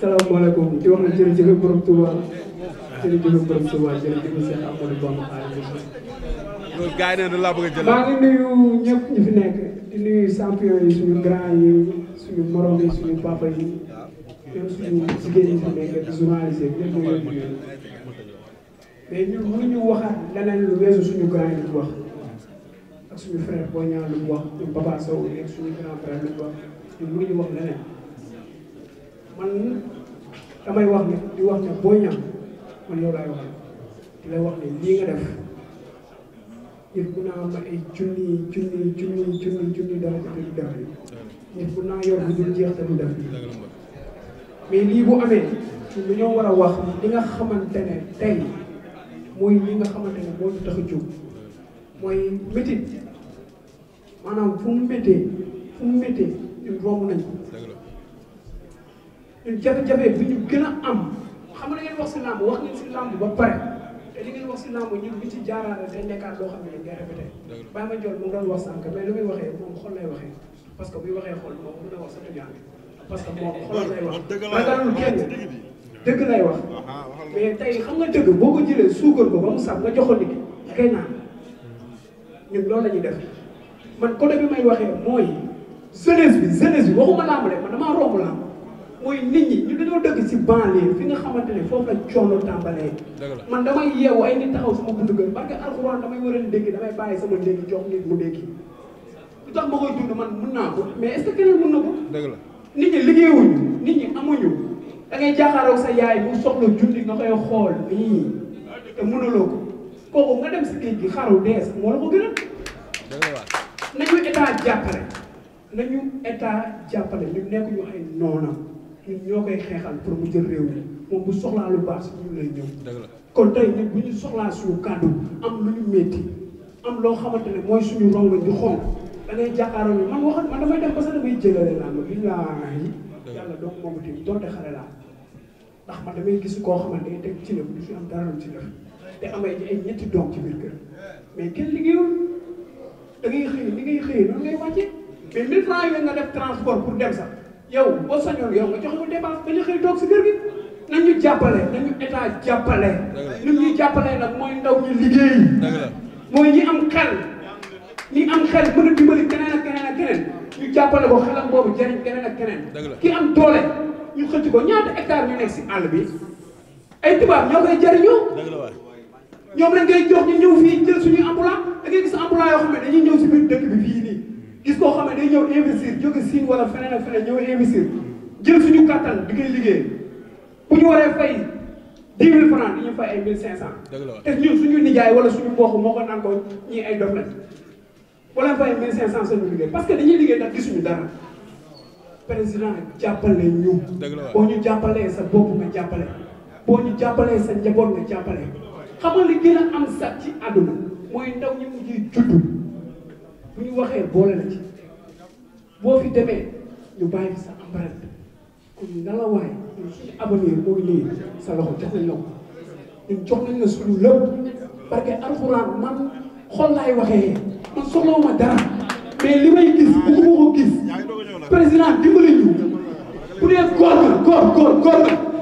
salaamaaleykum di wax na jërëjëf borom Touba jërëjëf borom Touba jërëjëf Cheikh Amadou Bamba Xaadimu Rasuul maa ngi nuyu ñëpp ñu fi nekk di nuyu champion yi suñu grand yi suñu morom yi suñu papa yi même suñu jigéen ñi fi nekk di journaliste yi ñëpp ñoo ngi nuyu mais ñun mënuñu waxaat leneen lu weesu suñu grand yi wax ak suñu frère Boña lu mu wax ñun Papa Sow nekk suñu grand frère lu mu wax ñun mënuñu wax leneen. man damay wax ne di wax ne boo ñam man yow laay waxal di wax ne lii nga def nit ku naa am ay junni junni junni junni junni dara te du def nit ku naa yor bu dul jeex te du mais lii bu amee lu ñoo war a wax li nga xamante ne mooy li nga xamante ne moo ñu tax a jóg mooy métit maanaam fu mu méttee fu mu méttee ñun nañ jafe-jafe bi ñu gën a am xam na ngeen wax si làmb wax ngeen si làmb ba pare te li ngeen wax si làmb ñun li ci jaaraale day nekkaat loo xam ne ngay répété bàyyi ma jool mu ngi doon mais lu muy waxee moom xol lay waxee parce que buy waxee xool moom mën na wax sa tujaan parce que moom xol lay wax ragalul kenn dëgg lay wax mais tey xam nga dëgg boo ko jëlee suukar ko ba mu sax nga joxoon nit ki loolu la ñuy def man côté bi may waxee mooy jeunesse bi jeunesse bi waxuma làmb de man damaa romb làmb mooy nit ñi ñu dañoo dëkk si banlieue fi nga xamante ne foofu la coono tàmbalee. man damay yeewu ay nit taxaw sama buntu kër parce que alxuraan damay war a dégg damay bàyyi sama dégg jox nit mu dégg lu tax ma koy dund man mun naa ko mais est ce mun na ko. dëgg la nit ñi liggéeyuñu nit ñi amuñu da ngay sa yaay bu soxla junni nga koy xool nii te mënuloo ko kooku nga dem si géej gi xaru dees moo la ko gën a. nañu état jàppale nañu état jàppale ñu nekk ñu ay noonam. ñun ñoo koy xeexal pour mu jël réew mi moom bu soxlaa lu baax si ñun lay ñëw. kon te ñun bu ñu soxlaa suñu kàddu am lu ñu métti am loo xamante ne mooy suñu rongo ñu xonk da ngay jàkkaaroo ñu man waxoon man dem ba sax damay jëlale laa ma yàlla donc moomu tamit doonte xale laa ndax man damay gis koo xamante ne teg ci la du fi am dara ci def te amee ji ay ñetti doom ci biir kër mais kenn liggéeyul da ngay xëy li ngay xëy noonu ngay wàcce mais mille francs yooyu nga def transport pour dem sax yow boo sañoon yow nga jox ñu dépense ba ñu xëy toog si kër gi nañ ñu jàppale nañ ñu état jàppale. dëgg ñuy jàppale nag mooy ndaw ñu liggéey. mooy ñi am xel. ñi am xel mën a dimbali keneen ak keneen ak keneen ñu jàppale ko xelam boobu jëriñ keneen ak keneen. ki am doole ñu xëcc ko ñaata hectare ñu nekk si àll bi ay tubaab ñoo koy jëriñoo. ñoom lañ koy jox ñu ñëw fii jël suñuy ambulant da ngay gis ambulant yoo xam ne dañuy ñëw si biir dëkk bi fii nii. gis koo xam ne day ñëw investir jóge Siin wala feneen ak feneen ñëw investir jël suñu kattan di koy liggéey bu ñu waree fay dix mille franc dañuy fay ay mille cinq te ñu suñu nijaay wala suñu mbokk moo ko naan ko ñii ay dof lañ wala fay mille cinq cent suñu liggéey parce que dañuy liggéey ndax gisuñu dara président jàppale ñu. boo ñu jàppalee sa bopp nga jàppale boo ñu jàppalee sa njaboot nga jàppale xam nga li gën a am sat ci àdduna mooy ndaw ñi mujj juddu. bu ñu waxee boole la ci boo fi demee ñu bàyyi sa empreinte kon na la waaye ñun suñu abonné mooy lii sa loxo jox nañ la jox nañ la suñu lépp parce que alxuraan man xol laay waxee man soxlawuma dara mais li may gis bu ma ko gis président dimbali ñu bu dee góor nga góor góor